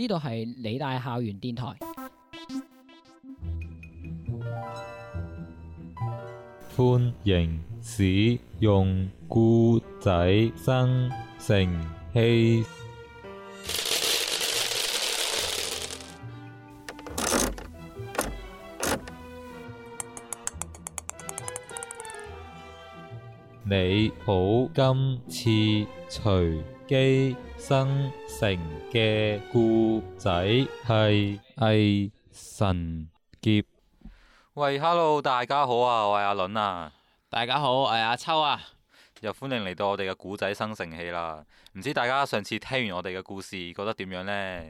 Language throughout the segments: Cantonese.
呢度係理大校園電台，歡迎使用故仔生成器，你好，今次除機生成嘅故仔係《偽神劫》喂。喂，Hello，大家好啊，我係阿倫啊。大家好，我係阿秋啊。又歡迎嚟到我哋嘅故仔生成器啦。唔知大家上次聽完我哋嘅故事，覺得點樣呢？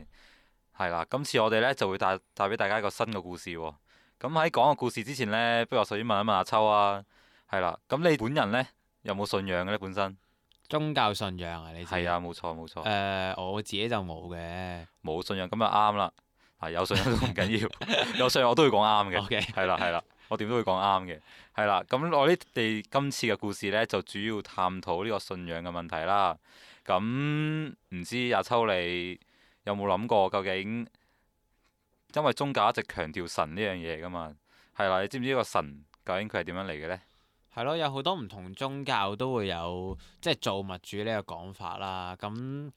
係啦，今次我哋呢就會帶帶俾大家一個新嘅故事喎。咁喺講個故事之前呢，不如我首先問一問，問阿秋啊。係啦，咁你本人呢，有冇信仰嘅呢？本身？宗教信仰啊，你知唔知？係啊，冇錯冇錯。誒、呃，我自己就冇嘅。冇信仰咁就啱啦。係有信仰都唔緊要， 有信仰我都會講啱嘅。o 係啦係啦，我點都會講啱嘅。係啦，咁我呢哋今次嘅故事呢，就主要探討呢個信仰嘅問題啦。咁唔知阿秋你有冇諗過，究竟因為宗教一直強調神呢樣嘢㗎嘛？係啦，你知唔知個神究竟佢係點樣嚟嘅呢？係咯，有好多唔同宗教都會有即係造物主呢個講法啦。咁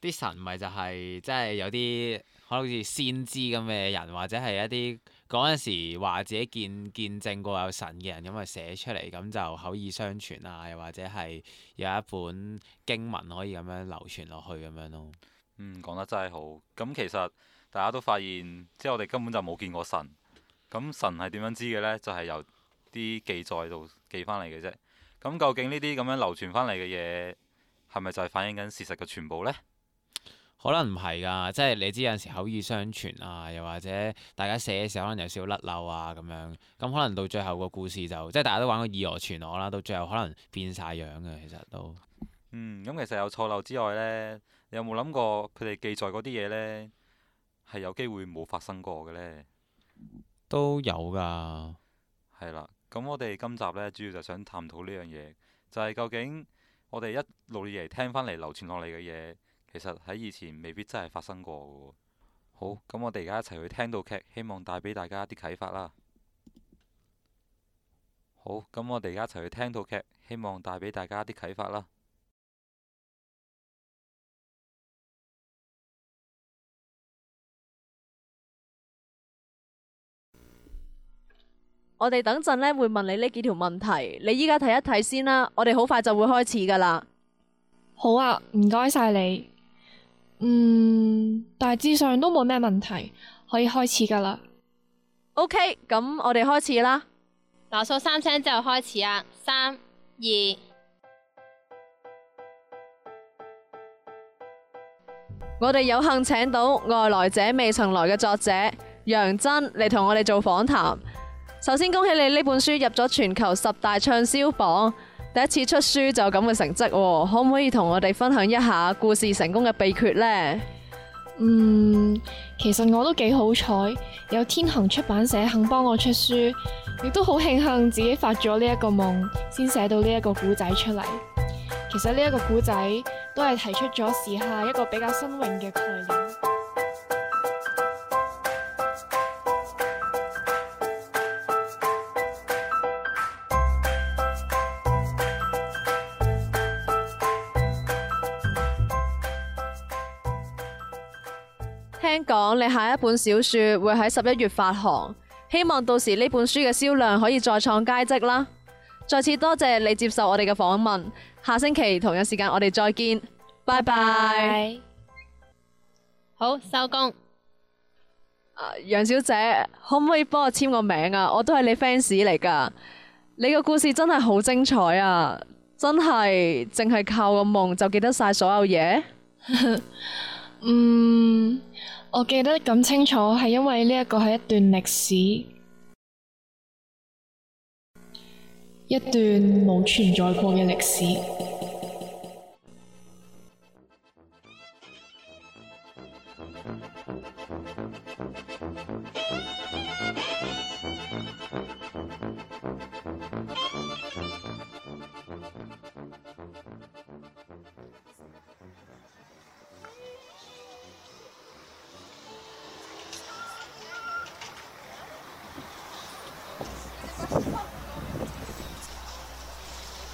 啲神咪就係、是、即係有啲可能好似先知咁嘅人，或者係一啲嗰陣時話自己見見證過有神嘅人咁啊，寫出嚟，咁就口耳相傳啊，又或者係有一本經文可以咁樣流傳落去咁樣咯。嗯，講得真係好。咁其實大家都發現，即係我哋根本就冇見過神。咁神係點樣知嘅呢？就係、是、由。啲記載度記翻嚟嘅啫，咁究竟呢啲咁樣流傳翻嚟嘅嘢，係咪就係反映緊事實嘅全部呢？可能唔係㗎，即係你知有陣時口耳相傳啊，又或者大家寫嘅時候可能有少少甩漏啊咁樣，咁可能到最後個故事就即係大家都玩個以訛傳訛啦，到最後可能變晒樣嘅其實都。嗯，咁其實有錯漏之外呢，你有冇諗過佢哋記載嗰啲嘢呢？係有機會冇發生過嘅呢？都有㗎，係啦。咁我哋今集呢，主要就想探討呢樣嘢，就係究竟我哋一路以嚟聽翻嚟流傳落嚟嘅嘢，其實喺以前未必真係發生過嘅。好，咁我哋而家一齊去聽套劇，希望帶俾大家啲啟發啦。好，咁我哋而家一齊去聽套劇，希望帶俾大家啲啟發啦。我哋等陣咧會，會問你呢幾條問題，你依家睇一睇先啦。我哋好快就會開始噶啦。好啊，唔該晒你。嗯，大致上都冇咩問題，可以開始噶啦。OK，咁我哋開始啦。嗱，數三聲之後開始啊，三二。我哋有幸請到外來者未曾來嘅作者楊真嚟同我哋做訪談。首先恭喜你呢本書入咗全球十大暢銷榜，第一次出書就咁嘅成績喎，可唔可以同我哋分享一下故事成功嘅秘訣咧？嗯，其實我都幾好彩，有天行出版社肯幫我出書，亦都好慶幸自己發咗呢一個夢，先寫到呢一個古仔出嚟。其實呢一個古仔都係提出咗時下一個比較新穎嘅概念。講你下一本小說會喺十一月發行，希望到時呢本書嘅銷量可以再創佳績啦！再次多謝你接受我哋嘅訪問，下星期同樣時間我哋再見，拜拜。拜拜。好，收工。啊，楊小姐，可唔可以幫我簽個名啊？我都係你 fans 嚟噶，你嘅故事真係好精彩啊！真係淨係靠個夢就記得晒所有嘢？ 嗯。我記得咁清楚，係因為呢一個係一段歷史，一段冇存在過嘅歷史。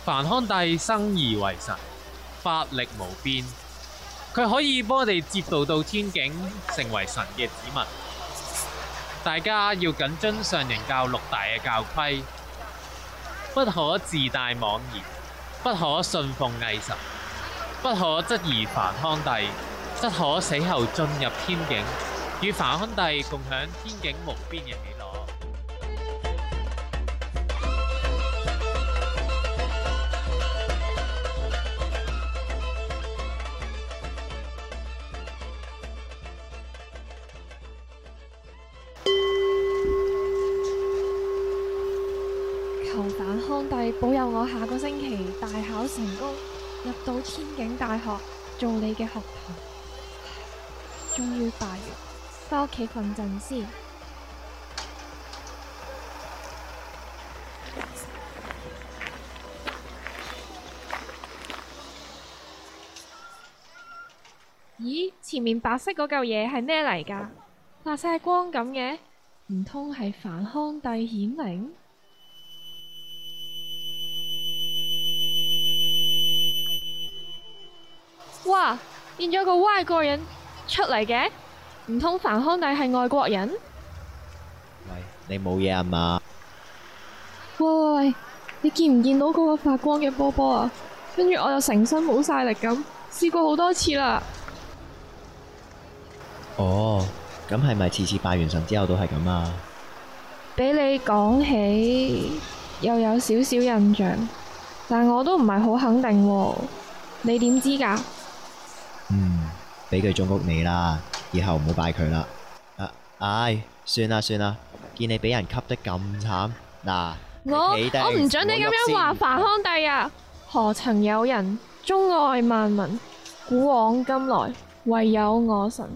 梵康帝生而為神，法力無邊，佢可以幫我哋接導到天境，成為神嘅子民。大家要謹遵上人教六大嘅教規，不可自大妄言，不可信奉偽神，不可質疑梵康帝，則可死後進入天境，與梵康帝共享天境無邊嘅。到天境大學做你嘅學徒，仲要大完翻屋企瞓陣先。陣咦，前面白色嗰嚿嘢係咩嚟噶？發晒光咁嘅，唔通係梵康帝顯靈？變咗個歪國人出嚟嘅，唔通凡康帝係外國人？喂，你冇嘢啊嘛？喂，你見唔見到嗰個發光嘅波波啊？跟住我又成身冇晒力咁，試過好多次啦。哦，咁係咪次次拜完神之後都係咁啊？畀你講起，又有少少印象，但我都唔係好肯定喎。你點知噶？嗯，俾佢中谷你啦，以後唔好拜佢啦。啊，唉，算啦算啦，見你俾人吸得咁慘，嗱，我我唔准你咁樣話凡康帝啊！何曾有人鍾愛萬民？古往今來，唯有我神。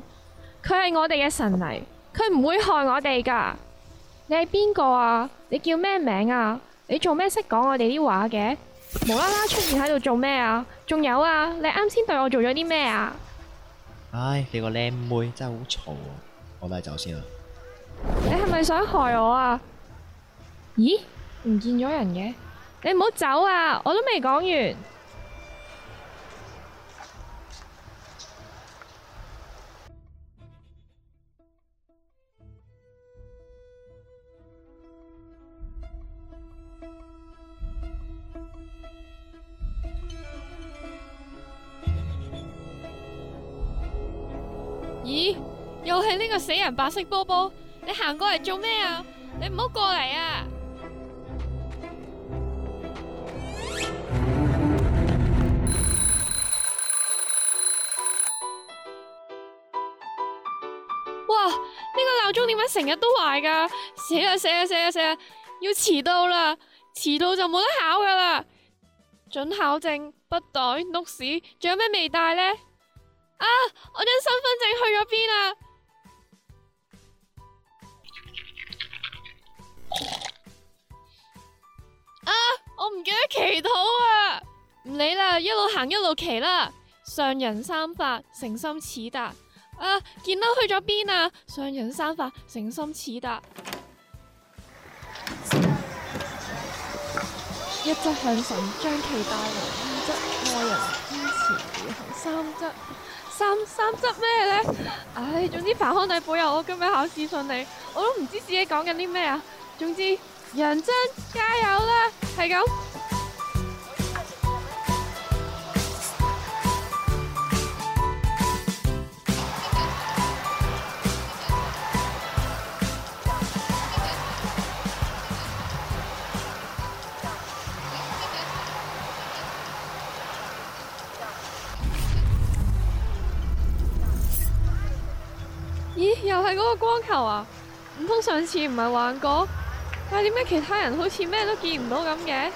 佢係我哋嘅神嚟，佢唔會害我哋噶。你係邊個啊？你叫咩名啊？你做咩識講我哋啲話嘅？無啦啦出現喺度做咩啊？仲有啊，你啱先對我做咗啲咩啊？唉，你個靚妹真係好嘈啊！我都係走先啦。你係咪想害我啊？咦，唔見咗人嘅？你唔好走啊！我都未講完。咦，又係呢個死人白色波波，你行過嚟做咩啊？你唔好過嚟啊！哇，呢個鬧鐘點解成日都壞噶？死啦死啦死啦死啦！要遲到啦，遲到就冇得考噶啦！準考證、筆袋、note 紙，仲有咩未帶呢？啊！我張身份證去咗邊啊！啊！我唔記得祈禱啊！唔理啦，一路行一路祈啦。上人三法，誠心似達。啊！見到去咗邊啊？上人三法，誠心似達。一則向神，將其帶來；二則愛人，堅持而行；三則。三三執咩呢？唉、哎，總之佛康帝保佑我今日考試順利，我都唔知道自己講緊啲咩啊！總之，楊真加油啦，係咁。光球啊，唔通上次唔係玩過？但係點解其他人好似咩都見唔到咁嘅？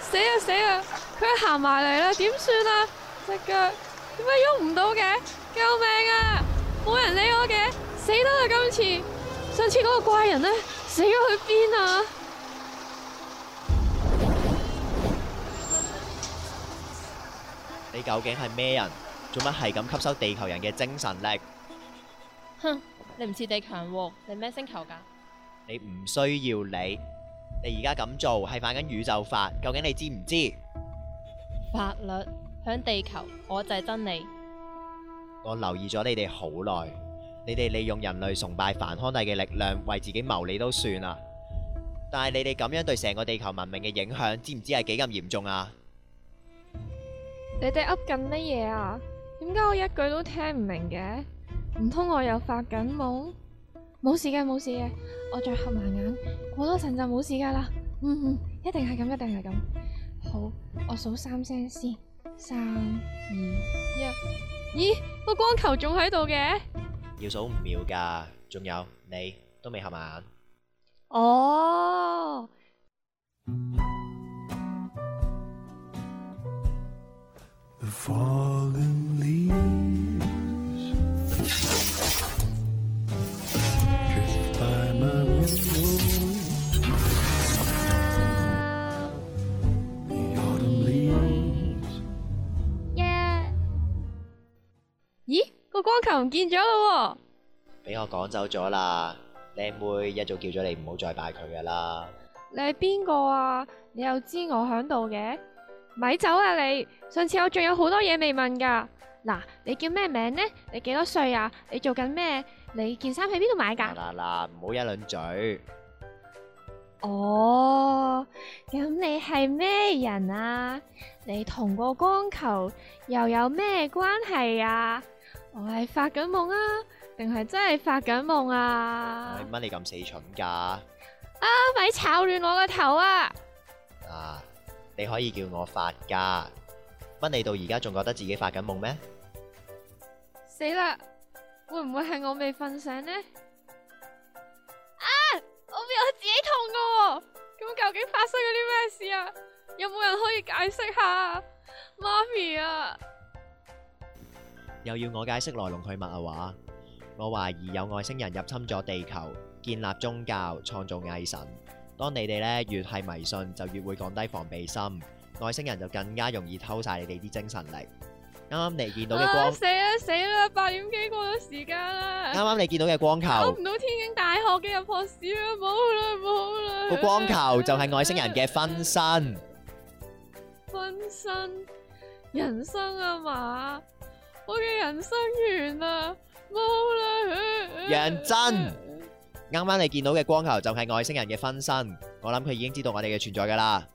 死啊死啊！佢行埋嚟啦，點算啊？隻腳點解喐唔到嘅？救命啊！冇人理我嘅，死得啦！啊！今次，上次嗰個怪人呢？死咗去邊啊？你究竟係咩人？做乜係咁吸收地球人嘅精神力？哼！你唔似地球喎，你咩星球噶？你唔需要理你，你而家咁做係犯緊宇宙法，究竟你知唔知？法律響地球，我就係真理。我留意咗你哋好耐，你哋利用人類崇拜梵康帝嘅力量為自己謀利都算啦，但係你哋咁樣對成個地球文明嘅影響，知唔知係幾咁嚴重啊？你哋噏緊乜嘢啊？點解我一句都聽唔明嘅？唔通我又發緊夢？冇事嘅，冇事嘅，我再合埋眼，過多陣就冇事噶啦。嗯嗯，一定係咁，一定係咁。好，我數三聲先，三、二、一。咦，個光球仲喺度嘅？要數五秒噶，仲有，你都未合埋眼。哦。Yeah. 咦？個光球唔見咗咯喎？俾我趕走咗啦，靚妹，妹，一早叫咗你唔好再拜佢㗎啦。你係邊個啊？你又知我響度嘅？咪走啊你！上次我仲有好多嘢未問㗎。嗱，你叫咩名呢？你幾多歲啊？你做緊咩？你件衫喺邊度買噶？嗱嗱，唔好一輪嘴。哦，咁你係咩人啊？你同個光球又有咩關係啊？我係發緊夢啊？定係真係發緊夢啊？乜你咁死蠢噶？啊，咪、啊、炒亂我個頭啊！啊，你可以叫我發㗎。不你到而家仲覺得自己發緊夢咩？死啦！會唔會係我未瞓醒呢？啊！我俾我自己痛㗎喎！咁究竟發生咗啲咩事啊？有冇人可以解釋下？媽咪啊！又要我解釋來龍去脈啊，話我懷疑有外星人入侵咗地球，建立宗教，創造偽神。當你哋呢，越係迷信，就越會降低防備心。外星人就更加容易偷晒你哋啲精神力。啱啱你見到嘅光，死啦死啦！八點幾過咗時間啦。啱啱你見到嘅光球，搵唔到天津大學嘅入學試啦，冇啦冇啦。個光球就係外星人嘅分身。分身，人生啊嘛，我嘅人生完啦，冇啦。楊真，啱啱你見到嘅光球就係外星人嘅分身，我諗佢已經知道我哋嘅存在噶啦。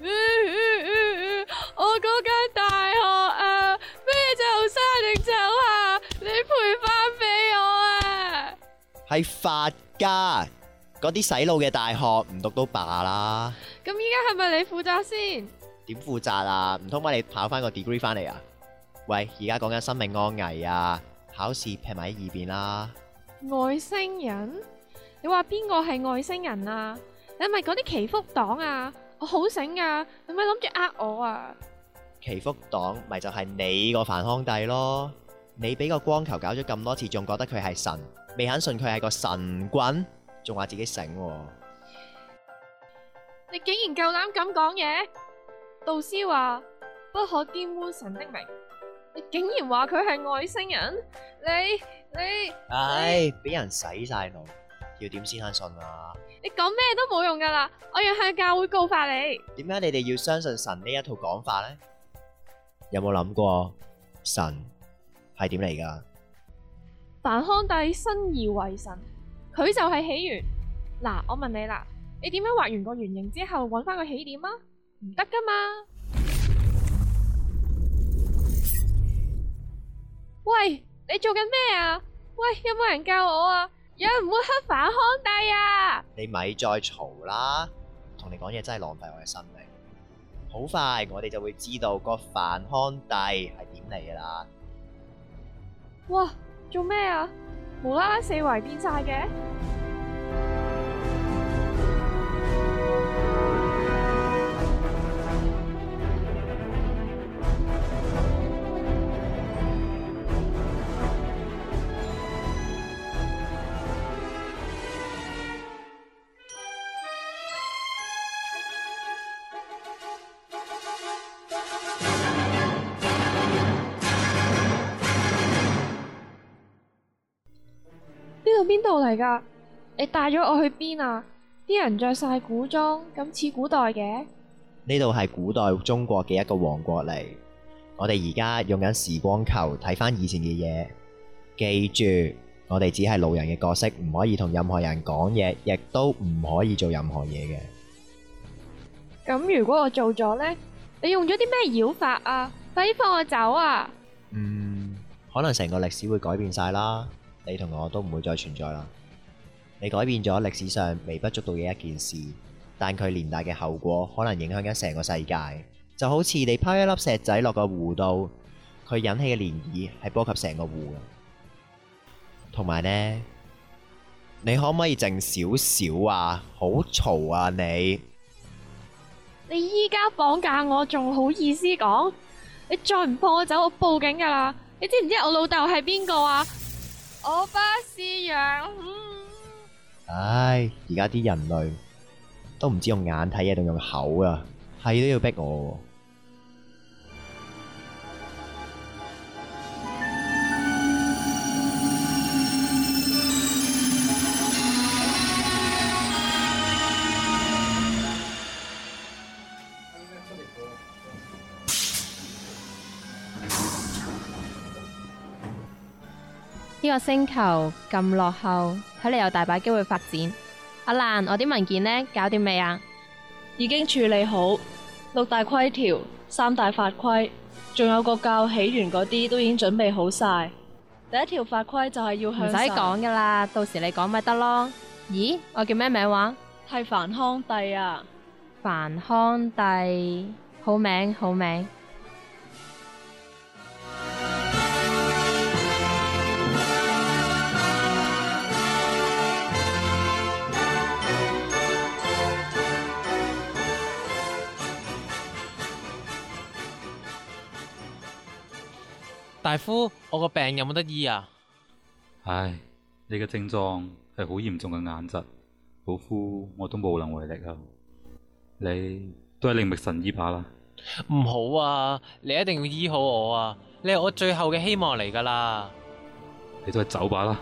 我嗰間大學啊，咩就生定就下，你賠翻俾我啊！係法家嗰啲洗腦嘅大學唔讀都罷啦。咁依家係咪你負責先？點負責啊？唔通幫你跑翻個 degree 翻嚟啊？喂，而家講緊生命安危啊，考試撇埋喺二邊啦。外星人？你話邊個係外星人啊？你係咪嗰啲祈福黨啊？我好醒㗎，你咪諗住呃我啊！祈福黨咪就係你個繁康帝咯，你俾個光球搞咗咁多次，仲覺得佢係神，未肯信佢係個神棍，仲話自己醒。你竟然夠膽咁講嘢！導師話不可玷污神的名，你竟然話佢係外星人！你你唉，俾人洗晒腦。要點先肯信啊！你講咩都冇用噶啦！我要向教會告發你。點解你哋要相信神呢一套講法咧？有冇諗過神係點嚟噶？但康帝生而為神，佢就係起源。嗱，我問你啦，你點樣畫完個圓形之後，揾翻個起點啊？唔得噶嘛！喂，你做緊咩啊？喂，有冇人教我啊？又唔會黑反康帝啊！你咪再嘈啦，同你講嘢真係浪費我嘅生命。好快，我哋就會知道個反康帝係點嚟噶啦。哇！做咩啊？無啦啦四圍變晒嘅。到嚟噶，你帶咗我去邊啊？啲人着晒古裝，咁似古代嘅。呢度係古代中國嘅一個王國嚟，我哋而家用緊時光球睇翻以前嘅嘢。記住，我哋只係路人嘅角色，唔可以同任何人講嘢，亦都唔可以做任何嘢嘅。咁如果我做咗呢？你用咗啲咩妖法啊？快啲放我走啊！嗯，可能成個歷史會改變晒啦。你同我都唔會再存在啦！你改變咗歷史上微不足道嘅一件事，但佢連帶嘅後果可能影響緊成個世界。就好似你拋一粒石仔落個湖度，佢引起嘅漣漪係波及成個湖。同埋呢，你可唔可以靜少少啊？好嘈啊你！你你依家綁架我仲好意思講？你再唔放我走，我報警噶啦！你知唔知我老豆係邊個啊？我巴士養。唉，而家啲人類都唔知用眼睇嘢，定用口啊？係都要逼我。呢個星球咁落後，睇嚟有大把機會發展。阿蘭，我啲文件呢搞掂未啊？已經處理好六大規條、三大法規，仲有個教起源嗰啲都已經準備好晒。第一條法規就係要唔使講噶啦，到時你講咪得咯。咦，我叫咩名話？係凡康帝啊！凡康帝，好名好名。大夫，我個病有冇得醫啊？唉，你嘅症狀係好嚴重嘅眼疾，老夫我都無能為力啊。你都係另覓神醫把啦。唔好啊，你一定要醫好我啊！你係我最後嘅希望嚟噶啦。你都係走吧啦。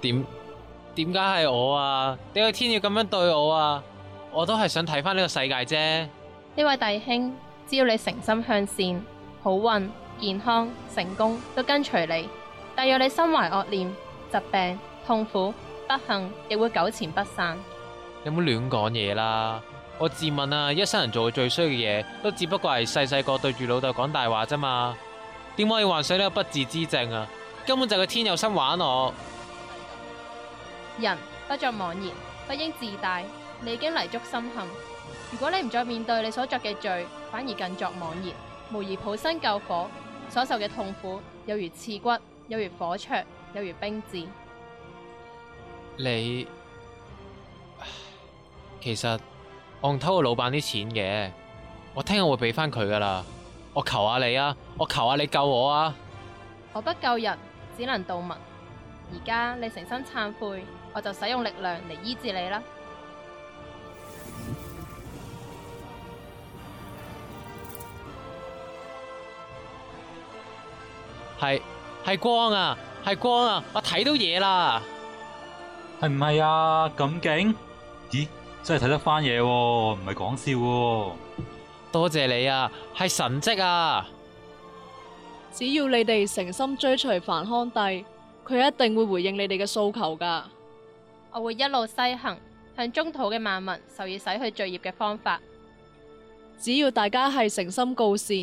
點點解係我啊？點解天要咁樣對我啊？我都係想睇翻呢個世界啫。呢位弟兄，只要你誠心向善，好運、健康、成功都跟隨你，但若你心懷惡念、疾病、痛苦、不幸，亦會糾纏不散。有冇亂講嘢啦？我自問啊，一生人做最衰嘅嘢，都只不過係細細個對住老豆講大話咋嘛？點可以幻想呢個不治之症啊？根本就係天有心玩我。人不作妄言，不應自大。你已經泥足深陷，如果你唔再面對你所作嘅罪，反而更作妄言，無疑抱薪救火。所受嘅痛苦，有如刺骨，有如火灼，有如冰箭。你，其實我仲偷過老闆啲錢嘅，我聽日會俾翻佢噶啦。我求下你啊，我求下你救我啊！我不救人，只能度物。而家你誠心懺悔，我就使用力量嚟醫治你啦。係係光啊，係光啊！我睇到嘢啦，係唔係啊？咁勁？咦，真係睇得返嘢喎，唔係講笑喎，啊！多謝你啊，係神蹟啊！只要你哋誠心追隨梵康帝，佢一定會回應你哋嘅訴求㗎。我會一路西行，向中土嘅萬民授以洗去罪孽嘅方法。只要大家係誠心告善，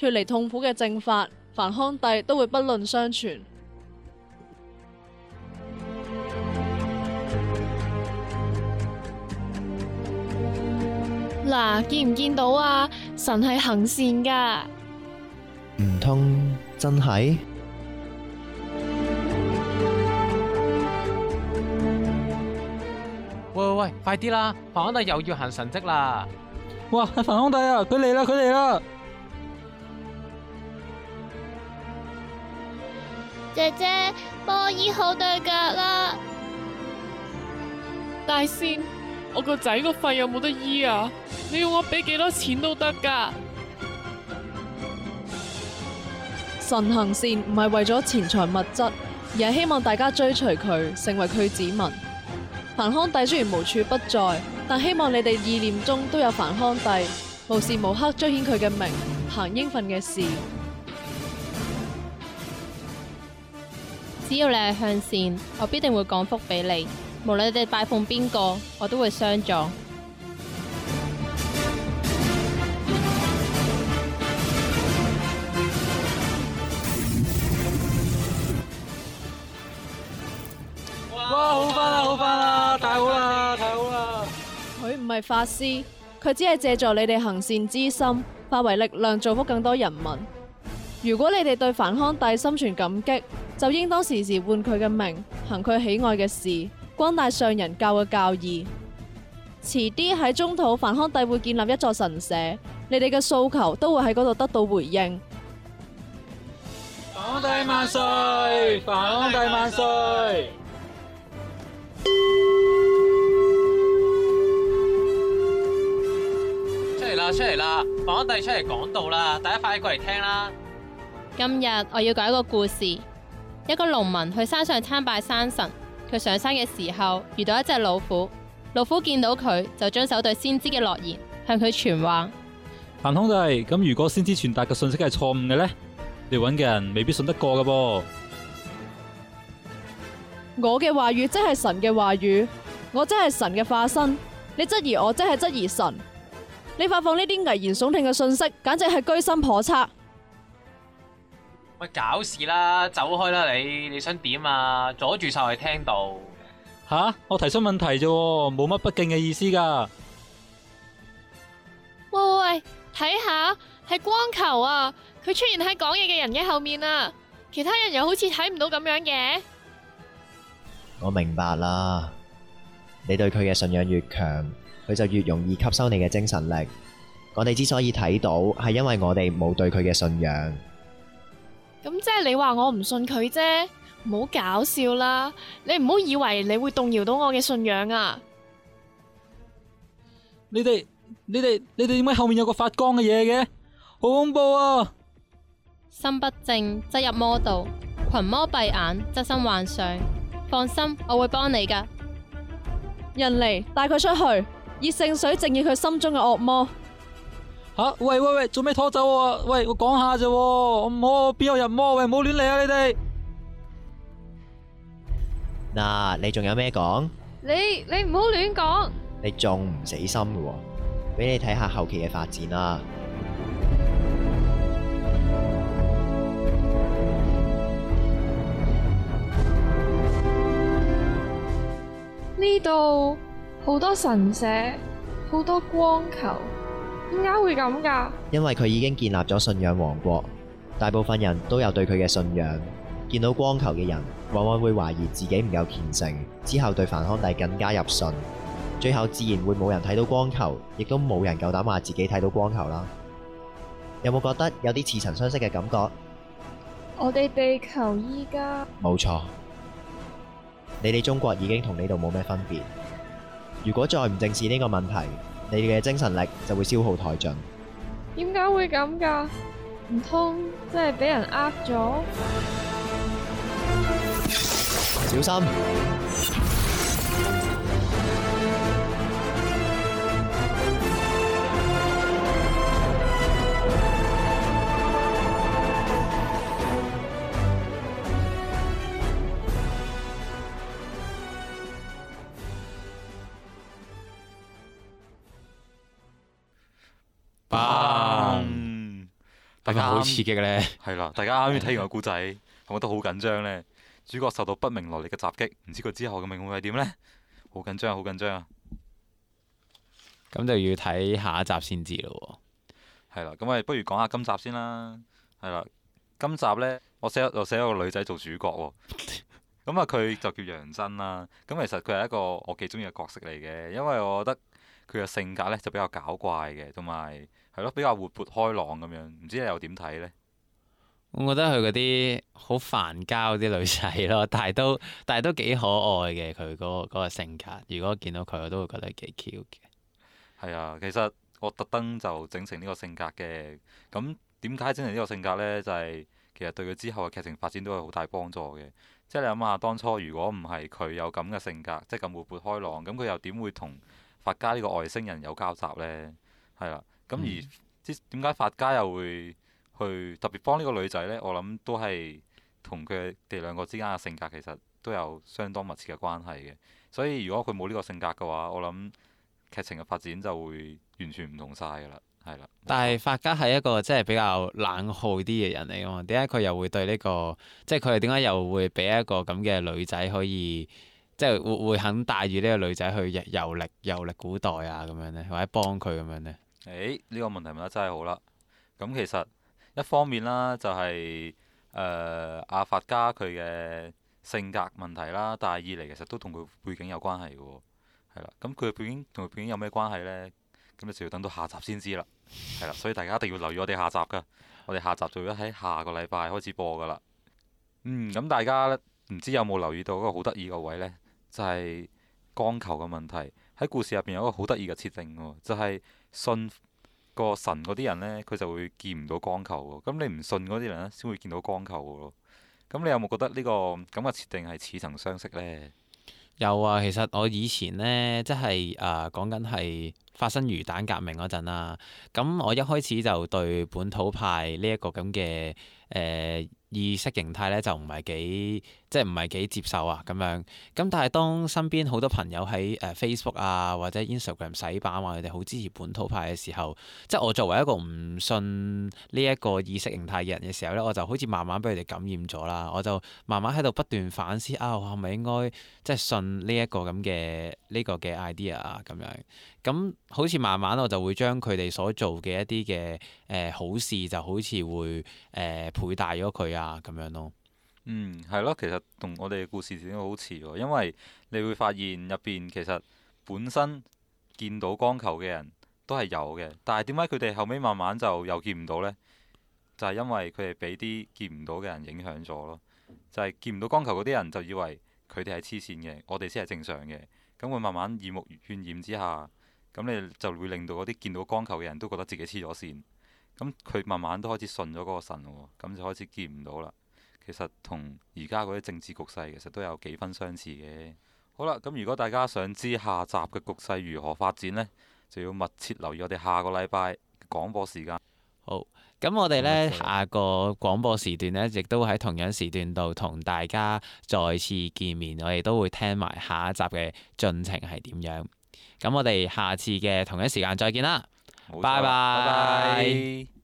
脫離痛苦嘅正法。凡康帝都會不論相傳，嗱見唔見到啊？神係行善噶，唔通真係？喂喂喂，快啲啦！凡康帝又要行神蹟啦！哇！凡康帝啊，佢嚟啦！佢嚟啦！姐姐，幫我醫好對腳啦！大仙，我個仔個肺有冇得醫啊？你要我俾幾多錢都得噶！神行善唔係為咗錢財物質，而係希望大家追隨佢，成為佢子民。凡康帝雖然無處不在，但希望你哋意念中都有凡康帝，無時無刻彰顯佢嘅名，行應份嘅事。只要你係向善，我必定會降福俾你。無論你哋拜奉邊個，我都會相助。哇！好翻啦，好翻啦，好太好啦，太好啦！佢唔係法師，佢只係借助你哋行善之心，化為力量造福更多人民。如果你哋對梵康帝心存感激。就應當時時換佢嘅名，行佢喜愛嘅事，光大上人教嘅教義。遲啲喺中土梵康帝會建立一座神社，你哋嘅訴求都會喺嗰度得到回應。梵康帝萬歲！梵康帝萬歲！出嚟啦！出嚟啦！梵康帝出嚟講道啦！大家快啲過嚟聽啦！今日我要講一個故事。一個農民去山上參拜山神，佢上山嘅時候遇到一隻老虎，老虎見到佢就將遵守對先知嘅諾言向佢傳話。行兄弟，咁如果先知傳達嘅信息係錯誤嘅呢，你揾嘅人未必信得過嘅噃。我嘅話語即係神嘅話語，我即係神嘅化身。你質疑我，即係質疑神。你發放呢啲危言聳聽嘅信息，簡直係居心叵測。咪搞事啦！走開啦你！你想點啊？阻住晒我喺聽到。吓！我提出問題啫，冇乜不敬嘅意思噶。喂喂喂，睇下係光球啊！佢出現喺講嘢嘅人嘅後面啊！其他人又好似睇唔到咁樣嘅。我明白啦。你對佢嘅信仰越強，佢就越容易吸收你嘅精神力。我哋之所以睇到，係因為我哋冇對佢嘅信仰。咁即係你話我唔信佢啫？唔好搞笑啦！你唔好以為你會動搖到我嘅信仰啊！你哋你哋你哋點解後面有個發光嘅嘢嘅？好恐怖啊！心不正則入魔道，群魔閉眼則心幻想。放心，我會幫你噶。人嚟帶佢出去，以聖水淨化佢心中嘅惡魔。吓、啊！喂喂喂，做咩拖走啊？喂，我講下啫、啊，我唔好邊有人麼、啊？喂，唔好亂嚟啊！你哋嗱、啊，你仲有咩講？你你唔好亂講。你仲唔死心嘅？俾你睇下後期嘅發展啦。呢度好多神社，好多光球。點解會咁噶？因為佢已經建立咗信仰王國，大部分人都有對佢嘅信仰。見到光球嘅人，往往會懷疑自己唔夠虔誠，之後對梵康帝更加入信，最後自然會冇人睇到光球，亦都冇人夠膽話自己睇到光球啦。有冇覺得有啲似曾相識嘅感覺？我哋地球依家冇錯，你哋中國已經同呢度冇咩分別。如果再唔正視呢個問題，你嘅精神力就會消耗殆盡為。點解會咁㗎？唔通真係俾人呃咗？小心！大家好刺激呢？係啦，大家啱啱睇完個故仔。 的我覺得好緊張呢。主角受到不明來歷嘅襲擊，唔知佢之後嘅命會係點呢？好緊張啊，好緊張啊！咁就要睇下一集先知咯。係啦，咁啊，不如講下今集先啦。係啦，今集呢，我寫我寫一個女仔做主角喎。咁啊、 嗯，佢就叫楊真啦。咁、嗯、其實佢係一個我幾中意嘅角色嚟嘅，因為我覺得。佢嘅性格呢就比較搞怪嘅，同埋係咯比較活潑開朗咁樣。唔知你又點睇呢？我覺得佢嗰啲好煩交啲女仔咯，但係都但係都幾可愛嘅。佢嗰個性格，如果見到佢，我都會覺得幾 Q 嘅。係啊，其實我特登就整成呢個性格嘅。咁點解整成呢個性格呢？就係其實對佢之後嘅劇情發展都係好大幫助嘅。即係你諗下，當初如果唔係佢有咁嘅性格，即係咁活潑開朗，咁佢又點會同？法家呢個外星人有交集呢，係啦。咁而啲點解法家又會去特別幫呢個女仔呢？我諗都係同佢哋兩個之間嘅性格其實都有相當密切嘅關係嘅。所以如果佢冇呢個性格嘅話，我諗劇情嘅發展就會完全唔同晒㗎啦。係啦。但係法家係一個即係比較冷酷啲嘅人嚟㗎嘛？點解佢又會對呢個即係佢點解又會俾一個咁嘅女仔可以？即係會會肯帶住呢個女仔去遊遊歷遊歷古代啊咁樣呢，或者幫佢咁樣呢。誒呢、欸呢個問題問得真係好啦。咁其實一方面啦，就係、是、誒、呃、阿法家佢嘅性格問題啦。但係二嚟其實都同佢背景有關係嘅、哦。係啦，咁佢嘅背景同佢背景有咩關係呢？咁你就要等到下集先知啦。係啦，所以大家一定要留意我哋下集㗎。我哋下集就會喺下個禮拜開始播㗎啦。嗯，咁大家呢，唔知有冇留意到一個好得意嘅位呢？就係光球嘅問題，喺故事入邊有一個好得意嘅設定喎、哦，就係、是、信個神嗰啲人呢，佢就會見唔到光球喎，咁你唔信嗰啲人呢，先會見到光球嘅咯。咁你有冇覺得呢、呢個咁嘅設定係似曾相識呢？有啊，其實我以前呢，即係誒講緊係發生魚蛋革命嗰陣啦。咁我一開始就對本土派呢一個咁嘅誒。呃意識形態咧就唔係幾，即係唔係幾接受啊咁樣。咁但係當身邊好多朋友喺誒 Facebook 啊或者 Instagram 洗版話佢哋好支持本土派嘅時候，即係我作為一個唔信呢一個意識形態嘅人嘅時候咧，我就好似慢慢俾佢哋感染咗啦。我就慢慢喺度不斷反思啊，我係咪應該即係信呢一個咁嘅呢個嘅 idea 啊咁樣？咁好似慢慢我就會將佢哋所做嘅一啲嘅誒好事，就好似會誒倍大咗佢啊咁樣咯。嗯，係咯，其實同我哋嘅故事點都好似喎，因為你會發現入邊其實本身見到光球嘅人都係有嘅，但係點解佢哋後尾慢慢就又見唔到呢？就係因為佢哋俾啲見唔到嘅人影響咗咯，就係見唔到光球嗰啲人就以為佢哋係黐線嘅，我哋先係正常嘅，咁會慢慢耳目渲染之下。咁你就會令到嗰啲見到光球嘅人都覺得自己黐咗線，咁佢慢慢都開始信咗嗰個神喎、哦，咁就開始見唔到啦。其實同而家嗰啲政治局勢其實都有幾分相似嘅。好啦，咁如果大家想知下集嘅局勢如何發展呢，就要密切留意我哋下個禮拜廣播時間。好，咁我哋呢，嗯、下個廣播時段呢，亦都喺同樣時段度同大家再次見面，我哋都會聽埋下一集嘅進程係點樣。咁我哋下次嘅同一時間再見啦，拜拜。